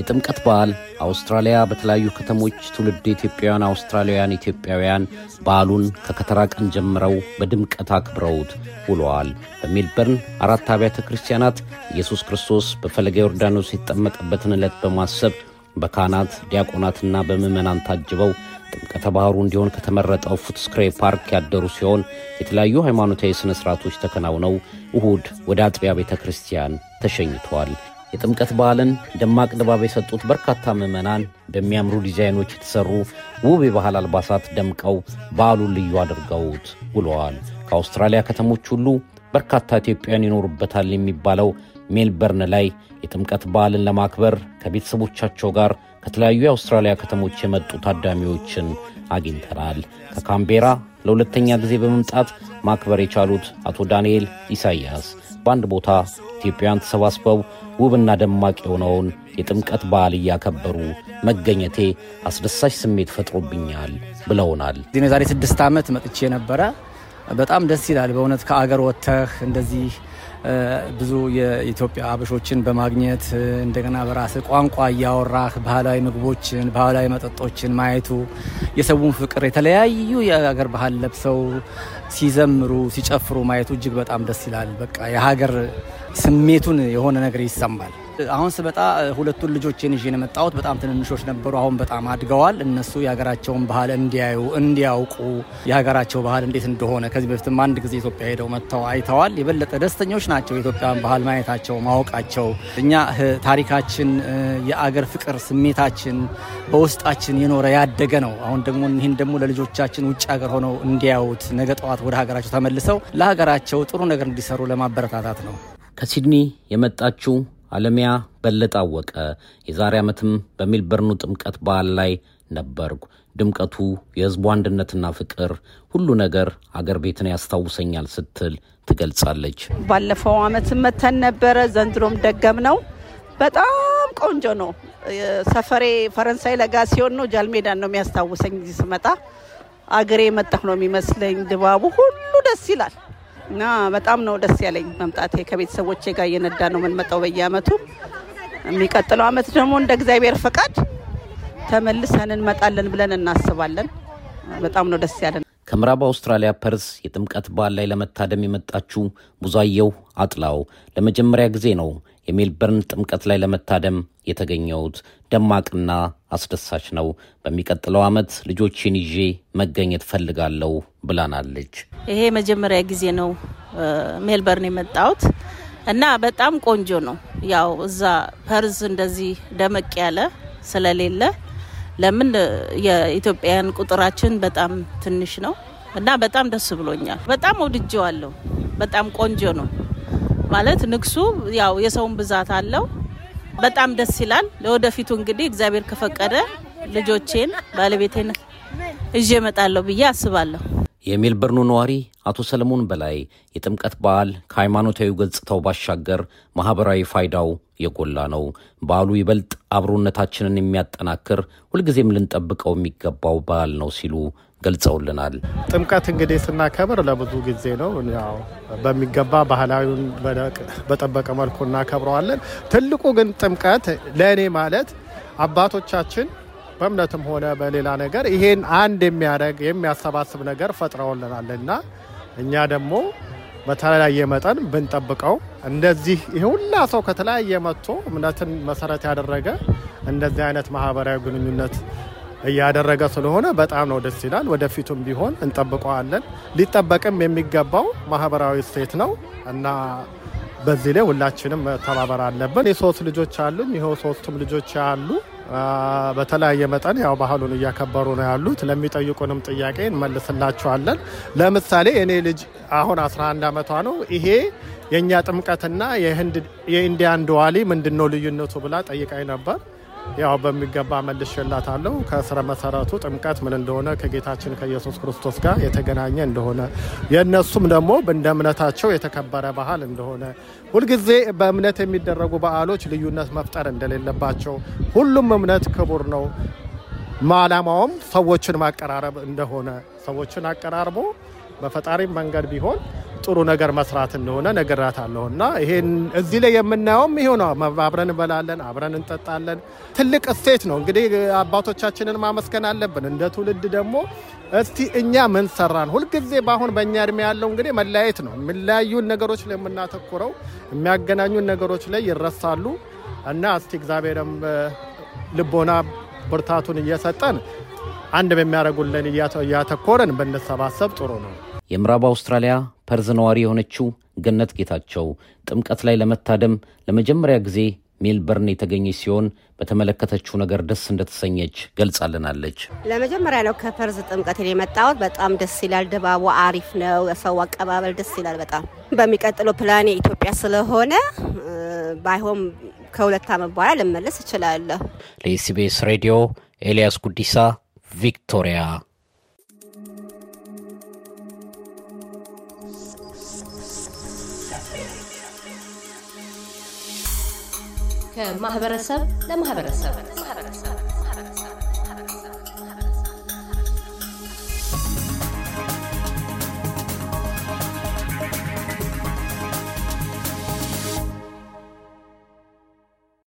የጥምቀት በዓል አውስትራሊያ በተለያዩ ከተሞች ትውልድ ኢትዮጵያውያን አውስትራሊያውያን ኢትዮጵያውያን በዓሉን ከከተራ ቀን ጀምረው በድምቀት አክብረውት ውለዋል። በሜልበርን አራት አብያተ ክርስቲያናት ኢየሱስ ክርስቶስ በፈለገ ዮርዳኖስ የተጠመቀበትን ዕለት በማሰብ በካህናት ዲያቆናትና በምዕመናን ታጅበው ጥምቀተ ባህሩ እንዲሆን ከተመረጠው ፉትስክሬ ፓርክ ያደሩ ሲሆን የተለያዩ ሃይማኖታዊ ሥነ ሥርዓቶች ተከናውነው እሁድ ወደ አጥቢያ ቤተ ክርስቲያን ተሸኝተዋል። የጥምቀት በዓልን ደማቅ ድባብ የሰጡት በርካታ ምዕመናን በሚያምሩ ዲዛይኖች የተሰሩ ውብ የባህል አልባሳት ደምቀው በዓሉን ልዩ አድርገውት ውለዋል። ከአውስትራሊያ ከተሞች ሁሉ በርካታ ኢትዮጵያውያን ይኖሩበታል የሚባለው ሜልበርን ላይ የጥምቀት በዓልን ለማክበር ከቤተሰቦቻቸው ጋር ከተለያዩ የአውስትራሊያ ከተሞች የመጡ ታዳሚዎችን አግኝተናል። ከካምቤራ ለሁለተኛ ጊዜ በመምጣት ማክበር የቻሉት አቶ ዳንኤል ኢሳያስ በአንድ ቦታ ኢትዮጵያውያን ተሰባስበው ውብና ደማቅ የሆነውን የጥምቀት በዓል እያከበሩ መገኘቴ አስደሳች ስሜት ፈጥሮብኛል ብለውናል። ዚ ዛሬ ስድስት ዓመት መጥቼ ነበረ። በጣም ደስ ይላል በእውነት ከአገር ወጥተህ እንደዚህ ብዙ የኢትዮጵያ አበሾችን በማግኘት እንደገና በራስ ቋንቋ እያወራህ ባህላዊ ምግቦችን፣ ባህላዊ መጠጦችን ማየቱ የሰውን ፍቅር የተለያዩ የሀገር ባህል ለብሰው ሲዘምሩ ሲጨፍሩ ማየቱ እጅግ በጣም ደስ ይላል። በቃ የሀገር ስሜቱን የሆነ ነገር ይሰማል። አሁን ስመጣ ሁለቱን ልጆችን ይዤ ነው የመጣሁት። በጣም ትንንሾች ነበሩ፣ አሁን በጣም አድገዋል። እነሱ የሀገራቸውን ባህል እንዲያዩ እንዲያውቁ፣ የሀገራቸው ባህል እንዴት እንደሆነ ከዚህ በፊትም አንድ ጊዜ ኢትዮጵያ ሄደው መጥተው አይተዋል። የበለጠ ደስተኞች ናቸው የኢትዮጵያን ባህል ማየታቸው ማወቃቸው። እኛ ታሪካችን፣ የአገር ፍቅር ስሜታችን በውስጣችን የኖረ ያደገ ነው። አሁን ደግሞ ይህን ደግሞ ለልጆቻችን ውጭ ሀገር ሆነው እንዲያዩት ነገ ጠዋት ወደ ሀገራቸው ተመልሰው ለሀገራቸው ጥሩ ነገር እንዲሰሩ ለማበረታታት ነው። ከሲድኒ የመጣችው አለሚያ በለጠ አወቀ የዛሬ ዓመትም በሜልበርኑ ጥምቀት በዓል ላይ ነበርኩ። ድምቀቱ የሕዝቡ አንድነትና ፍቅር፣ ሁሉ ነገር አገር ቤትን ያስታውሰኛል ስትል ትገልጻለች። ባለፈው ዓመትም መተን ነበረ፣ ዘንድሮም ደገም ነው። በጣም ቆንጆ ነው። ሰፈሬ ፈረንሳይ ለጋ ሲሆን ነው ጃልሜዳን ነው የሚያስታውሰኝ። እዚህ ስመጣ አገሬ መጣሁ ነው የሚመስለኝ። ድባቡ ሁሉ ደስ ይላል። እና በጣም ነው ደስ ያለኝ መምጣቴ። ከቤተሰቦቼ ጋር እየነዳ ነው የምንመጣው በየአመቱ። የሚቀጥለው አመት ደግሞ እንደ እግዚአብሔር ፈቃድ ተመልሰን እንመጣለን ብለን እናስባለን። በጣም ነው ደስ ያለን። ከምዕራብ አውስትራሊያ ፐርስ የጥምቀት በዓል ላይ ለመታደም የመጣችው ብዙአየሁ አጥላው ለመጀመሪያ ጊዜ ነው የሜልበርን ጥምቀት ላይ ለመታደም የተገኘሁት። ደማቅና አስደሳች ነው። በሚቀጥለው ዓመት ልጆችን ይዤ መገኘት ፈልጋለሁ ብላናለች። ይሄ የመጀመሪያ ጊዜ ነው ሜልበርን የመጣሁት እና በጣም ቆንጆ ነው። ያው እዛ ፐርዝ እንደዚህ ደመቅ ያለ ስለሌለ ለምን የኢትዮጵያውያን ቁጥራችን በጣም ትንሽ ነው እና በጣም ደስ ብሎኛል። በጣም ወድጀዋለሁ። በጣም ቆንጆ ነው ማለት ንግሱ ያው የሰውን ብዛት አለው። በጣም ደስ ይላል። ለወደፊቱ እንግዲህ እግዚአብሔር ከፈቀደ ልጆቼን ባለቤቴን እዤ እመጣለሁ ብዬ አስባለሁ። የሜልበርኑ ነዋሪ አቶ ሰለሞን በላይ የጥምቀት በዓል ከሃይማኖታዊ ገጽታው ባሻገር ማኅበራዊ ፋይዳው የጎላ ነው። በዓሉ ይበልጥ አብሮነታችንን የሚያጠናክር ሁልጊዜም ልንጠብቀው የሚገባው በዓል ነው ሲሉ ገልጸውልናል። ጥምቀት እንግዲህ ስናከብር ለብዙ ጊዜ ነው። ያው በሚገባ ባህላዊውን በጠበቀ መልኩ እናከብረዋለን። ትልቁ ግን ጥምቀት ለእኔ ማለት አባቶቻችን በእምነትም ሆነ በሌላ ነገር ይሄን አንድ የሚያደርግ የሚያሰባስብ ነገር ፈጥረውልናል እና እኛ ደግሞ በተለያየ መጠን ብንጠብቀው እንደዚህ ሁላ ሰው ከተለያየ መጥቶ እምነትን መሰረት ያደረገ እንደዚህ አይነት ማህበራዊ ግንኙነት እያደረገ ስለሆነ በጣም ነው ደስ ይላል። ወደፊቱም ቢሆን እንጠብቀዋለን። ሊጠበቅም የሚገባው ማህበራዊ እሴት ነው እና በዚህ ላይ ሁላችንም መተባበር አለብን። የሶስት ልጆች አሉኝ። ይኸው ሶስቱም ልጆች አሉ በተለያየ መጠን ያው ባህሉን እያከበሩ ነው ያሉት። ለሚጠይቁንም ጥያቄ እንመልስላቸዋለን። ለምሳሌ እኔ ልጅ አሁን 11 ዓመቷ ነው። ይሄ የእኛ ጥምቀትና የኢንዲያን ድዋሊ ምንድን ነው ልዩነቱ ብላ ጠይቃኝ ነበር። ያው በሚገባ መልሼላታለሁ። ከስረ መሰረቱ ጥምቀት ምን እንደሆነ ከጌታችን ከኢየሱስ ክርስቶስ ጋር የተገናኘ እንደሆነ የእነሱም ደግሞ እንደ እምነታቸው የተከበረ ባህል እንደሆነ ሁልጊዜ በእምነት የሚደረጉ በዓሎች ልዩነት መፍጠር እንደሌለባቸው ሁሉም እምነት ክቡር ነው። ዓላማውም ሰዎችን ማቀራረብ እንደሆነ ሰዎችን አቀራርቦ በፈጣሪም መንገድ ቢሆን ጥሩ ነገር መስራት እንደሆነ ነግራታለሁ። እና ይሄን እዚህ ላይ የምናየውም ይሄ ነው። አብረን እንበላለን፣ አብረን እንጠጣለን። ትልቅ እሴት ነው። እንግዲህ አባቶቻችንን ማመስገን አለብን። እንደ ትውልድ ደግሞ እስቲ እኛ ምን ሰራን? ሁልጊዜ በአሁን በእኛ እድሜ ያለው እንግዲህ መለያየት ነው። የሚለያዩን ነገሮች ላይ የምናተኩረው፣ የሚያገናኙን ነገሮች ላይ ይረሳሉ። እና እስቲ እግዚአብሔርም ልቦና ብርታቱን እየሰጠን አንድ በሚያደርጉልን እያተኮረን ብንሰባሰብ ጥሩ ነው። የምዕራብ አውስትራሊያ ፐርዝ ነዋሪ የሆነችው ገነት ጌታቸው ጥምቀት ላይ ለመታደም ለመጀመሪያ ጊዜ ሜልበርን የተገኘች ሲሆን በተመለከተችው ነገር ደስ እንደተሰኘች ገልጻልናለች። ለመጀመሪያ ነው ከፐርዝ ጥምቀት የመጣሁት። በጣም ደስ ይላል። ድባቡ አሪፍ ነው። የሰው አቀባበል ደስ ይላል በጣም። በሚቀጥለው ፕላን ኢትዮጵያ ስለሆነ ባይሆን ከሁለት ዓመት በኋላ ልመለስ እችላለሁ። ለኤስቢኤስ ሬዲዮ ኤልያስ ጉዲሳ ቪክቶሪያ ከማህበረሰብ ለማህበረሰብ